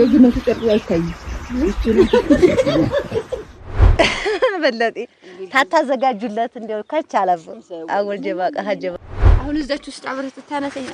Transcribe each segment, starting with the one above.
የልጅነቱ ጨርቁ አይታይም። በለጤ ታታዘጋጁለት እንደው ከች አጉል ጀባ ቀሀ አሁን እዛችሁ ውስጥ አብረህ ትታነሰኝ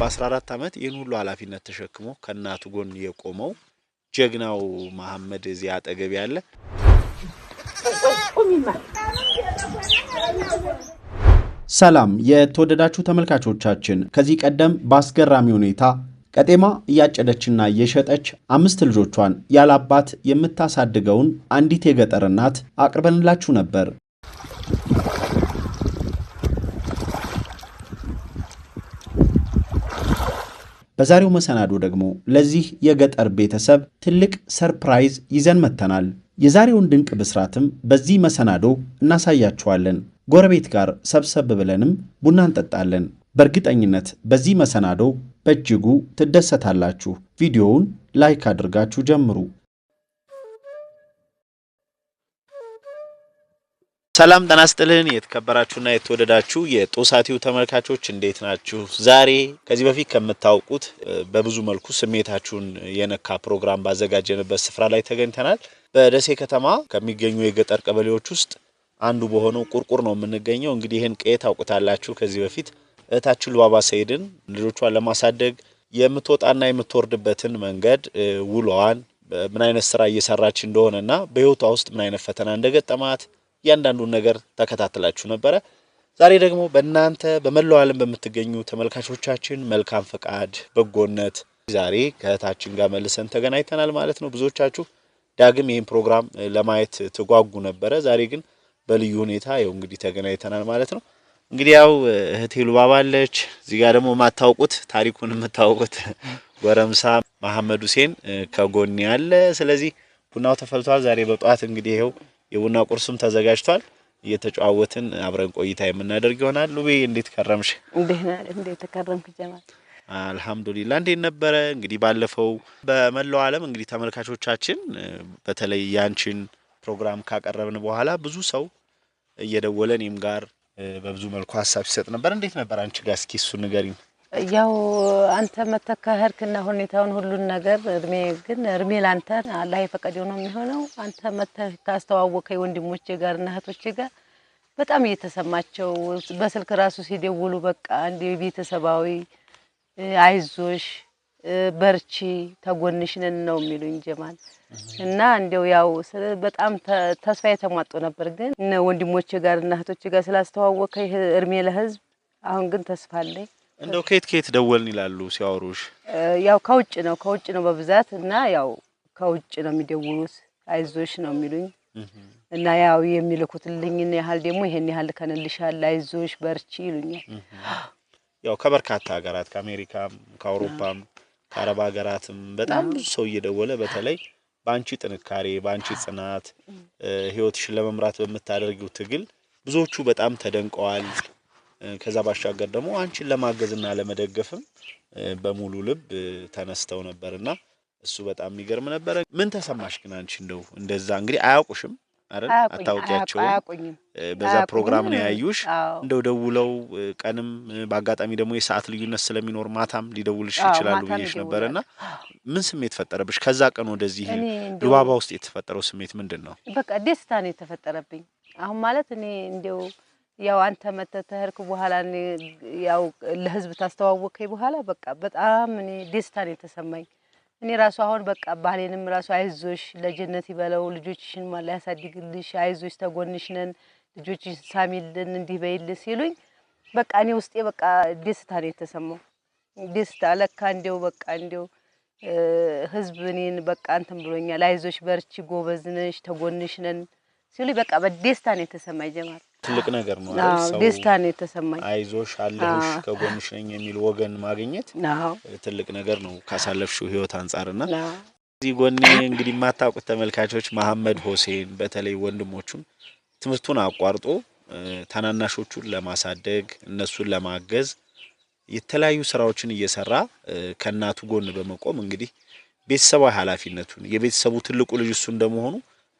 በአስራ አራት ዓመት ይህን ሁሉ ኃላፊነት ተሸክሞ ከእናቱ ጎን የቆመው ጀግናው መሀመድ እዚህ አጠገብ ያለ ሰላም የተወደዳችሁ ተመልካቾቻችን፣ ከዚህ ቀደም በአስገራሚ ሁኔታ ቀጤማ እያጨደችና እየሸጠች አምስት ልጆቿን ያላባት የምታሳድገውን አንዲት የገጠር እናት አቅርበንላችሁ ነበር። በዛሬው መሰናዶ ደግሞ ለዚህ የገጠር ቤተሰብ ትልቅ ሰርፕራይዝ ይዘን መጥተናል። የዛሬውን ድንቅ ብስራትም በዚህ መሰናዶ እናሳያችኋለን። ጎረቤት ጋር ሰብሰብ ብለንም ቡና እንጠጣለን። በእርግጠኝነት በዚህ መሰናዶ በእጅጉ ትደሰታላችሁ። ቪዲዮውን ላይክ አድርጋችሁ ጀምሩ። ሰላም ጤና ይስጥልን። የተከበራችሁና የተወደዳችሁ የጦሳቲው ተመልካቾች እንዴት ናችሁ? ዛሬ ከዚህ በፊት ከምታውቁት በብዙ መልኩ ስሜታችሁን የነካ ፕሮግራም ባዘጋጀንበት ስፍራ ላይ ተገኝተናል። በደሴ ከተማ ከሚገኙ የገጠር ቀበሌዎች ውስጥ አንዱ በሆነው ቁርቁር ነው የምንገኘው። እንግዲህ ይህን ቀዬ ታውቁታላችሁ። ከዚህ በፊት እህታችን ልባባ ሰይድን ልጆቿን ለማሳደግ የምትወጣና የምትወርድበትን መንገድ ውሏዋን፣ ምን አይነት ስራ እየሰራች እንደሆነና በህይወቷ ውስጥ ምን አይነት ፈተና እንደገጠማት እያንዳንዱን ነገር ተከታትላችሁ ነበረ። ዛሬ ደግሞ በእናንተ በመላው ዓለም በምትገኙ ተመልካቾቻችን መልካም ፈቃድ፣ በጎነት ዛሬ ከእህታችን ጋር መልሰን ተገናኝተናል ማለት ነው። ብዙዎቻችሁ ዳግም ይህን ፕሮግራም ለማየት ትጓጉ ነበረ። ዛሬ ግን በልዩ ሁኔታ ያው እንግዲህ ተገናኝተናል ማለት ነው። እንግዲህ ያው እህቴ ሉባባ አለች። እዚህ ጋር ደግሞ የማታውቁት ታሪኩን የምታውቁት ጎረምሳ መሐመድ ሁሴን ከጎን ያለ። ስለዚህ ቡናው ተፈልቷል። ዛሬ በጠዋት እንግዲህ ይኸው የቡና ቁርሱም ተዘጋጅቷል። እየተጨዋወትን አብረን ቆይታ የምናደርግ ይሆናል። ሉቤ እንዴት ከረምሽ? እንዴት ተከረምክ ጀማል? አልሐምዱሊላ። እንዴት ነበረ እንግዲህ ባለፈው በመላው ዓለም እንግዲህ ተመልካቾቻችን በተለይ ያንቺን ፕሮግራም ካቀረብን በኋላ ብዙ ሰው እየደወለ እኔም ጋር በብዙ መልኩ ሀሳብ ሲሰጥ ነበር። እንዴት ነበር አንቺ ጋር? እስኪ እሱን ንገሪኝ። ያው አንተ መተካሄድክና ሁኔታውን ሁሉን ነገር እድሜ ግን እድሜ ላንተ አላህ የፈቀደው ነው የሚሆነው። አንተ መተህ ካስተዋወቀኝ ወንድሞቼ ጋር እና እህቶቼ ጋር በጣም እየተሰማቸው በስልክ ራሱ ሲደውሉ በቃ እንዲ ቤተሰባዊ አይዞሽ በርቺ ተጎንሽነን ነው የሚሉኝ ጀማል እና እንደው ያው በጣም ተስፋ የተሟጦ ነበር። ግን ወንድሞቼ ጋር እና እህቶቼ ጋር ስላስተዋወቀ እድሜ ለህዝብ አሁን ግን ተስፋ አለኝ። እንደው ከየት ከየት ደወልን ይላሉ ሲያወሩሽ? ያው ከውጭ ነው ከውጭ ነው በብዛት እና ያው ከውጭ ነው የሚደውሉት። አይዞሽ ነው የሚሉኝ እና ያው የሚልኩትልኝን ያህል ደግሞ ይሄን ያህል ከንልሻል፣ አይዞሽ በርቺ ይሉኛል። ያው ከበርካታ ሀገራት ከአሜሪካም ከአውሮፓም ከአረብ ሀገራትም በጣም ብዙ ሰው እየደወለ በተለይ በአንቺ ጥንካሬ፣ በአንቺ ጽናት ህይወትሽን ለመምራት በምታደርጊው ትግል ብዙዎቹ በጣም ተደንቀዋል። ከዛ ባሻገር ደግሞ አንቺን ለማገዝና ለመደገፍም በሙሉ ልብ ተነስተው ነበርና እሱ በጣም የሚገርም ነበረ። ምን ተሰማሽ ግን አንቺ እንደው እንደዛ እንግዲህ አያውቁሽም አረ አታውቂያቸውም፣ በዛ ፕሮግራም ነው ያዩሽ። እንደው ደውለው ቀንም በአጋጣሚ ደግሞ የሰዓት ልዩነት ስለሚኖር ማታም ሊደውልሽ ይችላሉ ብዬሽ ምን ስሜት ፈጠረብሽ? ከዛ ቀን ወደዚህ ውስጥ የተፈጠረው ስሜት ምንድን ነው? በቃ ደስታ ነው የተፈጠረብኝ። አሁን ማለት እኔ እንደው ያው አንተ መተህ ተህርክ በኋላ ያው ለህዝብ ታስተዋወቀኝ በኋላ በቃ በጣም እኔ ደስታ ነው የተሰማኝ። እኔ ራሱ አሁን በቃ ባህሌንም ራሱ አይዞሽ ለጀነት ይበለው ልጆችሽን ማላ ያሳድግልሽ፣ አይዞሽ ተጎንሽ ነን፣ ልጆችሽን ሳሚልን፣ እንዲህ በይል ሲሉኝ በቃ እኔ ውስጤ በቃ ደስታ ነው የተሰማው። ደስታ ለካ እንዲው በቃ እንዲው ህዝብ እኔን በቃ እንትን ብሎኛል። አይዞሽ በርቺ፣ ጎበዝ ነሽ፣ ተጎንሽ ነን ሲሉኝ በቃ በደስታ ነው የተሰማ ይጀማል ትልቅ ነገር ነው። ደስታ ነው የተሰማኝ። አይዞሽ፣ አለሁሽ፣ ከጎንሽ ነኝ የሚል ወገን ማግኘት ትልቅ ነገር ነው ካሳለፍሽው ህይወት አንጻርና እዚህ ጎኔ እንግዲህ የማታውቁት ተመልካቾች መሐመድ ሆሴን በተለይ ወንድሞቹን ትምህርቱን አቋርጦ ታናናሾቹን ለማሳደግ እነሱን ለማገዝ የተለያዩ ስራዎችን እየሰራ ከእናቱ ጎን በመቆም እንግዲህ ቤተሰባዊ ኃላፊነቱን የቤተሰቡ ትልቁ ልጅ እሱ እንደመሆኑ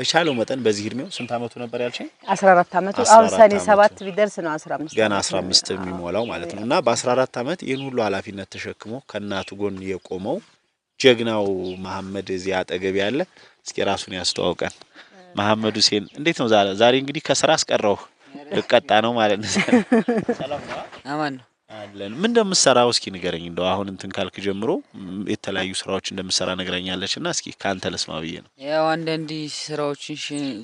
በቻለው መጠን በዚህ እድሜው ስንት አመቱ ነበር ያልሽኝ? 14 አመቱ። አሁን ሰኔ 7 ቢደርስ ነው 15 ገና 15 የሚሞላው ማለት ነው። እና በ14 አመት ይህን ሁሉ ኃላፊነት ተሸክሞ ከእናቱ ጎን የቆመው ጀግናው መሐመድ እዚህ አጠገብ ያለ እስኪ ራሱን ያስተዋውቀን። መሐመድ ሁሴን እንዴት ነው ዛሬ? እንግዲህ ከስራ አስቀረው ልቀጣ ነው ማለት ነው። ሰላም ነው። አማን ነው አለን ምን እንደምሰራው እስኪ ንገረኝ። እንደው አሁን እንትን ካልክ ጀምሮ የተለያዩ ስራዎች እንደምሰራ ነግረኛለች እና እስኪ ከአንተ ለስማ ብዬ ነው። ያው አንዳንድ ስራዎችን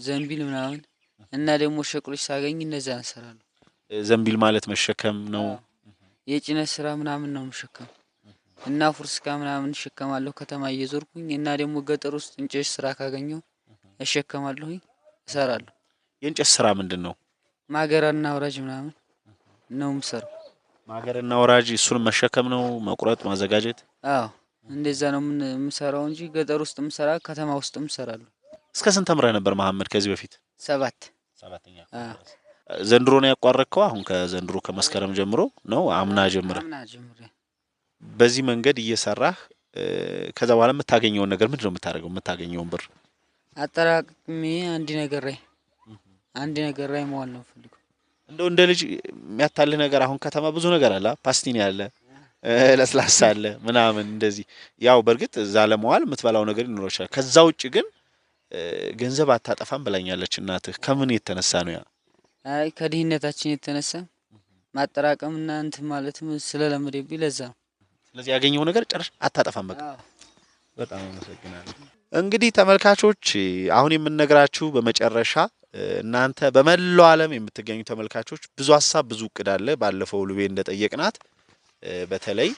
ዘንቢል ምናምን እና ደግሞ ሸቅሎች ሳገኝ እነዛ እንሰራለሁ። ዘንቢል ማለት መሸከም ነው። የጭነት ስራ ምናምን ነው መሸከም እና ፉርስካ ምናምን እሸከማለሁ ከተማ እየዞርኩኝ እና ደግሞ ገጠር ውስጥ እንጨት ስራ ካገኘው እሸከማለሁኝ፣ እሰራለሁ። የእንጨት ስራ ምንድን ነው? ማገራና አውራጅ ምናምን ነው የምሰራው ማገርና ወራጅ እሱን መሸከም ነው፣ መቁረጥ፣ ማዘጋጀት። አዎ እንደዛ ነው የምሰራው እንጂ ገጠር ውስጥ ምሰራ ከተማ ውስጥ ምሰራለሁ። እስከ ስንት ተምረህ ነበር መሐመድ ከዚህ በፊት ሰባት ሰባተኛ ዘንድሮ ነው ያቋረከው አሁን ከዘንድሮ ከመስከረም ጀምሮ ነው አምና ጀምረ በዚህ መንገድ እየሰራህ ከዛ በኋላ የምታገኘውን ነገር ምንድን ነው የምታደርገው? የምታገኘውን ብር አጠራቅሜ አንድ ነገር ላይ አንድ ነገር ላይ መዋል ነው ፈልገው እንደው እንደ ልጅ የሚያታልህ ነገር አሁን ከተማ ብዙ ነገር አለ፣ ፓስቲኒ አለ፣ ለስላሳ አለ ምናምን እንደዚህ። ያው በእርግጥ እዛ ለመዋል የምትበላው ነገር ሊኖረው ይችላል። ከዛ ውጭ ግን ገንዘብ አታጠፋም ብላኛለች እናትህ። ከምን የተነሳ ነው ያ? አይ ከድህነታችን የተነሳ ማጠራቀም እና እንትን ማለትም ስለለመደብኝ ለዛ ነው። ስለዚህ ያገኘው ነገር ጭራሽ አታጠፋም። በቃ በጣም አመሰግናለሁ። እንግዲህ ተመልካቾች አሁን የምንነግራችሁ በመጨረሻ እናንተ በመላው ዓለም የምትገኙ ተመልካቾች ብዙ ሀሳብ ብዙ እቅድ አለ። ባለፈው ልቤ እንደጠየቅናት በተለይ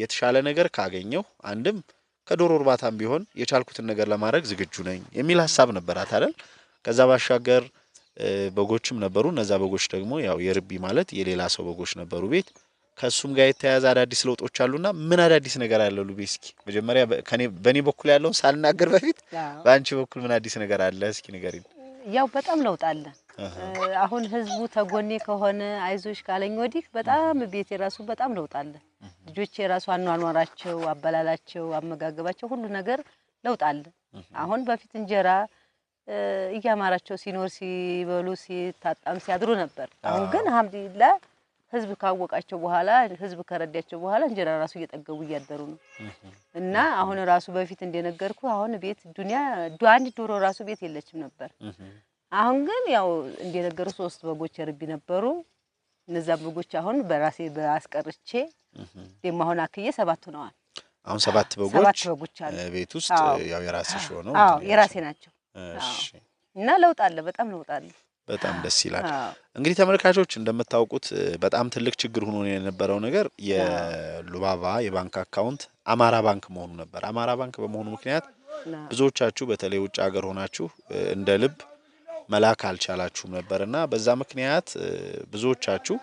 የተሻለ ነገር ካገኘሁ አንድም ከዶሮ እርባታም ቢሆን የቻልኩትን ነገር ለማድረግ ዝግጁ ነኝ የሚል ሀሳብ ነበራት አይደል? ከዛ ባሻገር በጎችም ነበሩ። እነዛ በጎች ደግሞ ያው የርቢ ማለት የሌላ ሰው በጎች ነበሩ ቤት ከእሱም ጋር የተያያዘ አዳዲስ ለውጦች አሉና ምን አዳዲስ ነገር አለ ሉቤ? እስኪ መጀመሪያ በእኔ በኩል ያለውን ሳልናገር በፊት በአንቺ በኩል ምን አዲስ ነገር አለ እስኪ ንገሪኝ። ያው በጣም ለውጥ አለ። አሁን ህዝቡ ተጎኔ ከሆነ አይዞሽ ካለኝ ወዲህ በጣም ቤት የራሱ በጣም ለውጥ አለ። ልጆች የራሱ አኗኗራቸው፣ አበላላቸው፣ አመጋገባቸው ሁሉ ነገር ለውጥ አለ። አሁን በፊት እንጀራ እያማራቸው ሲኖር ሲበሉ ሲታጣም ሲያድሩ ነበር። አሁን ግን አልሐምዱሊላህ ህዝብ ካወቃቸው በኋላ ህዝብ ከረዳቸው በኋላ እንጀራ ራሱ እየጠገቡ እያደሩ ነው። እና አሁን ራሱ በፊት እንደነገርኩ አሁን ቤት ዱኒያ አንድ ዶሮ ራሱ ቤት የለችም ነበር። አሁን ግን ያው እንደነገሩ ሶስት በጎች ርቢ ነበሩ። እነዛ በጎች አሁን በራሴ በአስቀርቼ ደግሞ አሁን አክዬ ሰባት ሆነዋል። አሁን ሰባት በጎች በጎች አሉ ቤት ውስጥ ያው የራሴ ሆነው የራሴ ናቸው። እና ለውጥ አለ፣ በጣም ለውጥ አለ። በጣም ደስ ይላል። እንግዲህ ተመልካቾች እንደምታውቁት በጣም ትልቅ ችግር ሆኖ የነበረው ነገር የሉባባ የባንክ አካውንት አማራ ባንክ መሆኑ ነበር። አማራ ባንክ በመሆኑ ምክንያት ብዙዎቻችሁ በተለይ ውጭ ሀገር ሆናችሁ እንደ ልብ መላክ አልቻላችሁም ነበርና በዛ ምክንያት ብዙዎቻችሁ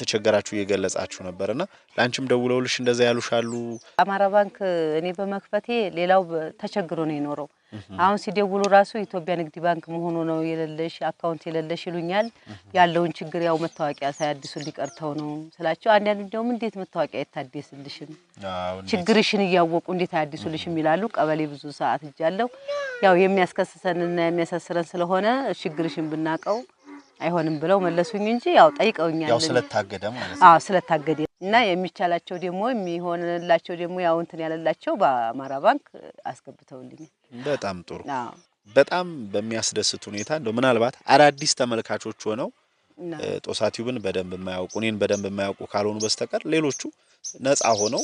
ተቸገራችሁ እየገለጻችሁ ነበር እና ለአንቺም ደውለውልሽ እንደዛ ያሉሻሉ? አማራ ባንክ እኔ በመክፈቴ ሌላው ተቸግሮ ነው የኖረው አሁን ሲደውሉ ራሱ ኢትዮጵያ ንግድ ባንክ መሆኑ ነው የሌለሽ አካውንት የሌለሽ ይሉኛል። ያለውን ችግር ያው መታወቂያ ሳያድሱ ሊቀርተው ነው ስላቸው፣ አንዳንድ እንዲያውም እንዴት መታወቂያ አይታደስልሽም ችግርሽን እያወቁ እንዴት አያድሱልሽም ይላሉ። ቀበሌ ብዙ ሰዓት እጃለሁ። ያው የሚያስከስሰንና የሚያሳስረን ስለሆነ ችግርሽን ብናቀው አይሆንም ብለው መለሱኝ እንጂ ያው ጠይቀውኛል። ያው ስለታገደ ማለት ነው። አዎ ስለታገደ እና የሚቻላቸው ደግሞ የሚሆንላቸው ደግሞ ያው እንትን ያለላቸው በአማራ ባንክ አስገብተውልኛል። በጣም ጥሩ። በጣም በሚያስደስት ሁኔታ እንደው ምናልባት አዳዲስ ተመልካቾች ሆነው ጦሳ ቲዩብን በደንብ የማያውቁ እኔን በደንብ የማያውቁ ካልሆኑ በስተቀር ሌሎቹ ነጻ ሆነው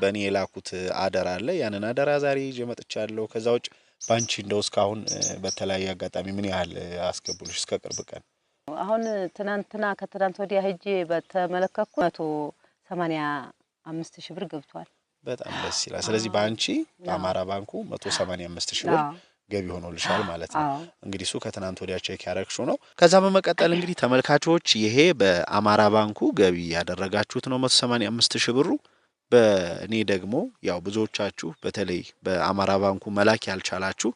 በእኔ የላኩት አደራ አለ። ያንን አደራ ዛሬ ይዤ መጥቻለሁ። ከዛ ውጭ ባንቺ እንደው እስካሁን በተለያየ አጋጣሚ ምን ያህል አስገቡልሽ እስከ ቅርብ ቀን? አሁን ትናንትና ከትናንት ወዲያ ሄጄ በተመለከትኩ መቶ ሰማኒያ አምስት ሺህ ብር ገብቷል። በጣም ደስ ይላል። ስለዚህ በአንቺ በአማራ ባንኩ መቶ ሰማኒያ አምስት ሺህ ብር ገቢ ሆኖልሻል ማለት ነው። እንግዲህ እሱ ከትናንት ወዲያ ቼክ ነው። ከዛ በመቀጠል እንግዲህ ተመልካቾች ይሄ በአማራ ባንኩ ገቢ ያደረጋችሁት ነው መቶ ሰማኒያ አምስት ሺህ ብሩ በእኔ ደግሞ ያው ብዙዎቻችሁ በተለይ በአማራ ባንኩ መላክ ያልቻላችሁ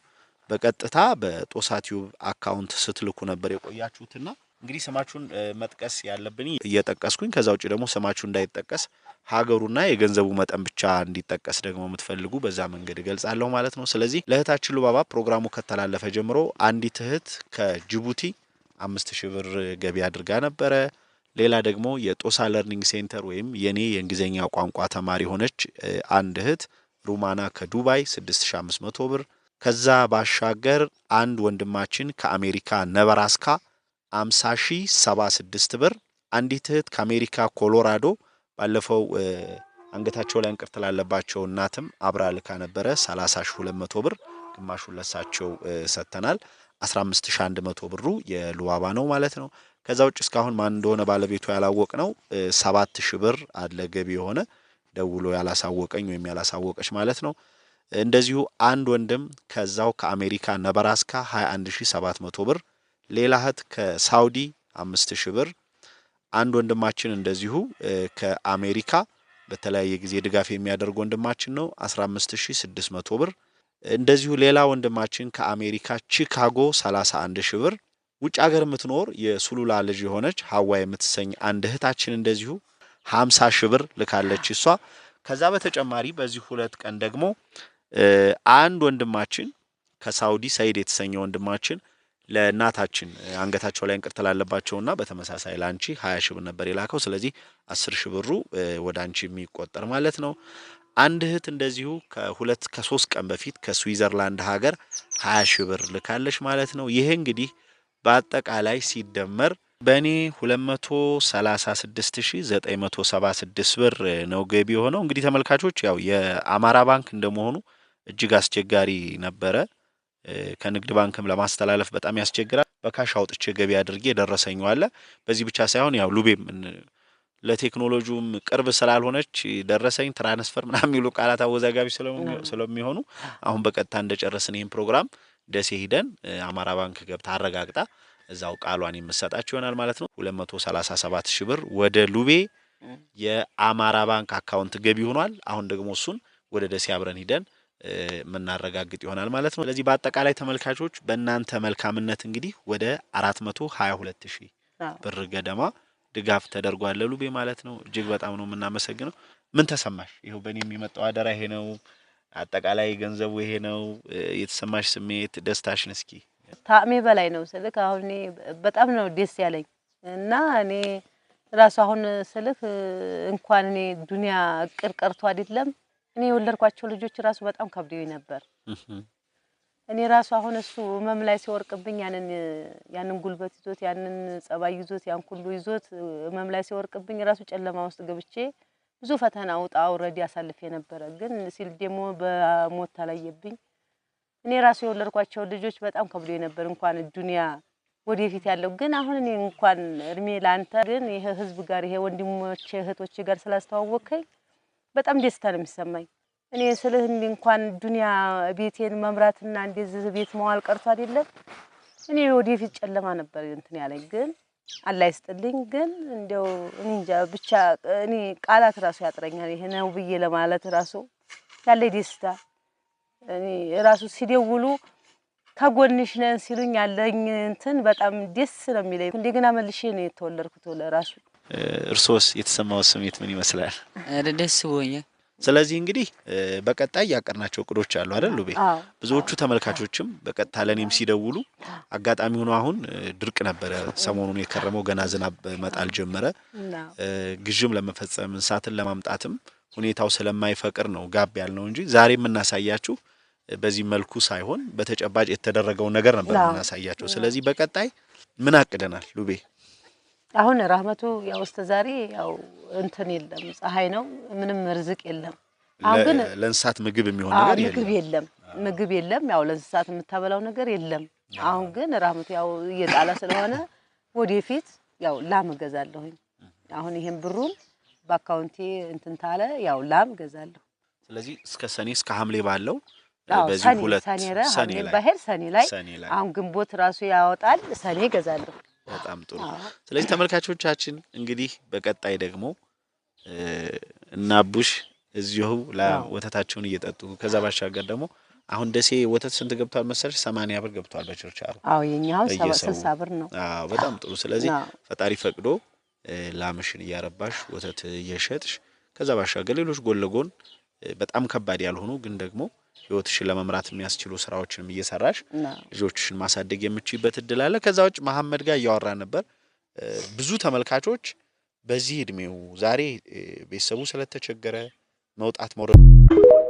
በቀጥታ በጦሳ ቲዩብ አካውንት ስትልኩ ነበር የቆያችሁትና እንግዲህ ስማችሁን መጥቀስ ያለብን እየጠቀስኩኝ ከዛ ውጭ ደግሞ ስማችሁ እንዳይጠቀስ ሀገሩና የገንዘቡ መጠን ብቻ እንዲጠቀስ ደግሞ የምትፈልጉ በዛ መንገድ እገልጻለሁ ማለት ነው። ስለዚህ ለእህታችን ሉባባ ፕሮግራሙ ከተላለፈ ጀምሮ አንዲት እህት ከጅቡቲ አምስት ሺህ ብር ገቢ አድርጋ ነበረ። ሌላ ደግሞ የጦሳ ለርኒንግ ሴንተር ወይም የኔ የእንግሊዝኛ ቋንቋ ተማሪ ሆነች አንድ እህት ሩማና ከዱባይ 6500 ብር ከዛ ባሻገር አንድ ወንድማችን ከአሜሪካ ነበራስካ 50,076 ብር፣ አንዲት እህት ከአሜሪካ ኮሎራዶ ባለፈው አንገታቸው ላይ እንቅርት ላለባቸው እናትም አብራ ልካ ነበረ 30,200 ብር፣ ግማሹን ለሳቸው ሰጥተናል። 15,100 ብሩ የሉባባ ነው ማለት ነው። ከዛ ውጭ እስካሁን ማን እንደሆነ ባለቤቱ ያላወቅ ነው 7,000 ብር አለ ገቢ የሆነ ደውሎ ያላሳወቀኝ ወይም ያላሳወቀች ማለት ነው። እንደዚሁ አንድ ወንድም ከዛው ከአሜሪካ ነበራስካ 21700 ብር፣ ሌላ እህት ከሳውዲ 5000 ብር፣ አንድ ወንድማችን እንደዚሁ ከአሜሪካ በተለያየ ጊዜ ድጋፍ የሚያደርግ ወንድማችን ነው 15600 ብር። እንደዚሁ ሌላ ወንድማችን ከአሜሪካ ቺካጎ 31 ብር። ውጭ ሀገር የምትኖር የሱሉላ ልጅ የሆነች ሀዋ የምትሰኝ አንድ እህታችን እንደዚሁ 50 ሺህ ብር ልካለች እሷ። ከዛ በተጨማሪ በዚህ ሁለት ቀን ደግሞ አንድ ወንድማችን ከሳውዲ ሰይድ የተሰኘ ወንድማችን ለእናታችን አንገታቸው ላይ እንቅርት ላለባቸውና በተመሳሳይ ለአንቺ ሀያ ሺህ ብር ነበር የላከው። ስለዚህ አስር ሺህ ብሩ ወደ አንቺ የሚቆጠር ማለት ነው። አንድ እህት እንደዚሁ ከሁለት ከሶስት ቀን በፊት ከስዊዘርላንድ ሀገር ሀያ ሺህ ብር ልካለች ማለት ነው። ይህ እንግዲህ በአጠቃላይ ሲደመር በእኔ 236976 ብር ነው ገቢ የሆነው። እንግዲህ ተመልካቾች ያው የአማራ ባንክ እንደመሆኑ እጅግ አስቸጋሪ ነበረ። ከንግድ ባንክም ለማስተላለፍ በጣም ያስቸግራል። በካሽ አውጥቼ ገቢ አድርጌ የደረሰኝ አለ። በዚህ ብቻ ሳይሆን ያው ሉቤም ለቴክኖሎጂውም ቅርብ ስላልሆነች ደረሰኝ፣ ትራንስፈር ምናምን የሚሉ ቃላት አወዛጋቢ ስለሚሆኑ አሁን በቀጥታ እንደጨረስን ይህን ፕሮግራም ደሴ ሂደን አማራ ባንክ ገብታ አረጋግጣ እዛው ቃሏን የምሰጣችሁ ይሆናል ማለት ነው። 237 ሺህ ብር ወደ ሉቤ የአማራ ባንክ አካውንት ገቢ ሆኗል። አሁን ደግሞ እሱን ወደ ደሴ አብረን ሂደን የምናረጋግጥ ይሆናል ማለት ነው። ስለዚህ በአጠቃላይ ተመልካቾች በእናንተ መልካምነት እንግዲህ ወደ አራት መቶ ሀያ ሁለት ሺህ ብር ገደማ ድጋፍ ተደርጓል ለሉቤ ማለት ነው። እጅግ በጣም ነው የምናመሰግነው። ምን ተሰማሽ? ይኸው በእኔ የሚመጣው አደራ ይሄ ነው፣ አጠቃላይ ገንዘቡ ይሄ ነው። የተሰማሽ ስሜት ደስታሽን እስኪ ታሜ በላይ ነው ስልክ አሁን እኔ በጣም ነው ደስ ያለኝ እና እኔ ራሱ አሁን ስልክ እንኳን እኔ ዱንያ እቅድ ቀርቶ አይደለም እኔ የወለድኳቸው ልጆች ራሱ በጣም ከብደው ነበር። እኔ ራሱ አሁን እሱ ህመም ላይ ሲወርቅብኝ ያንን ያንን ጉልበት ይዞት ያንን ጸባይ ይዞት ያን ሁሉ ይዞት ህመም ላይ ሲወርቅብኝ ራሱ ጨለማ ውስጥ ገብቼ ብዙ ፈተና ውጣ አውረድ አሳልፍ የነበረ ግን ሲል ደግሞ በሞት ተለየብኝ። እኔ ራሱ የወለድኳቸው ልጆች በጣም ከብደው ነበር። እንኳን ዱንያ ወደፊት ያለው ግን አሁን እኔ እንኳን እድሜ ላንተ ግን ይሄ ህዝብ ጋር ይሄ ወንድሞቼ እህቶቼ ጋር ስላስተዋወከኝ በጣም ደስታ ነው የሚሰማኝ። እኔ ስልህ እንዲህ እንኳን ዱንያ ቤቴን መምራትና እንደዚህ ቤት መዋል ቀርቶ አይደለም እኔ ወደፊት ጨለማ ነበር እንትን ያለኝ ግን አላህ ይስጥልኝ። ግን እንደው እኔ እንጃ ብቻ እኔ ቃላት ራሱ ያጥረኛል። ይሄ ነው ብዬ ለማለት ራሱ ያለ ደስታ እኔ ራሱ ሲደውሉ ከጎንሽ ነን ሲሉኝ ያለኝ እንትን በጣም ደስ ነው የሚለኝ። እንደገና መልሼ ነው የተወለድኩት ለራሱ እርሶስ የተሰማው ስሜት ምን ይመስላል? ደስ ብሎኛል። ስለዚህ እንግዲህ በቀጣይ ያቀድናቸው እቅዶች አሉ አይደል ሉቤ? ብዙዎቹ ተመልካቾችም በቀጥታ ለእኔም ሲደውሉ አጋጣሚ ሆኖ አሁን ድርቅ ነበረ ሰሞኑን የከረመው ገና ዝናብ መጣል ጀመረ። ግዥም ለመፈጸም እንስሳትን ለማምጣትም ሁኔታው ስለማይፈቅር ነው ጋብ ያልነው እንጂ ዛሬ የምናሳያችሁ በዚህ መልኩ ሳይሆን በተጨባጭ የተደረገውን ነገር ነበር የምናሳያቸው። ስለዚህ በቀጣይ ምን አቅደናል ሉቤ? አሁን ራህመቱ ያው እስከ ዛሬ ያው እንትን የለም፣ ፀሐይ ነው ምንም ርዝቅ የለም። አሁን ግን ለእንስሳት ምግብ የሚሆን ነገር የለም፣ ምግብ የለም፣ ምግብ የለም። ያው ለእንስሳት የምታበላው ነገር የለም። አሁን ግን ራህመቱ ያው እየጣለ ስለሆነ ወደፊት ያው ላም እገዛለሁኝ። አሁን ይሄን ብሩን በአካውንቴ እንትን ታለ ያው ላም እገዛለሁ። ስለዚህ እስከ ሰኔ እስከ ሐምሌ ባለው በዚህ ሁለት ሰኔ ላይ ሰኔ ላይ አሁን ግንቦት ራሱ ያወጣል። ሰኔ እገዛለሁ። በጣም ጥሩ። ስለዚህ ተመልካቾቻችን እንግዲህ በቀጣይ ደግሞ እናቡሽ እዚሁ ወተታቸውን እየጠጡ ከዛ ባሻገር ደግሞ አሁን ደሴ ወተት ስንት ገብቷል መሰለሽ? ሰማንያ ብር ገብቷል በችርቻሮ። አዎ ስልሳ ብር ነው። አዎ በጣም ጥሩ። ስለዚህ ፈጣሪ ፈቅዶ ላምሽን እያረባሽ ወተት እየሸጥሽ ከዛ ባሻገር ሌሎች ጎን ለጎን በጣም ከባድ ያልሆኑ ግን ደግሞ ህይወትሽን ለመምራት የሚያስችሉ ስራዎችንም እየሰራሽ ልጆችሽን ማሳደግ የምችይበት እድል አለ። ከዛ ውጭ መሐመድ ጋር እያወራ ነበር። ብዙ ተመልካቾች በዚህ እድሜው ዛሬ ቤተሰቡ ስለተቸገረ መውጣት መውረድ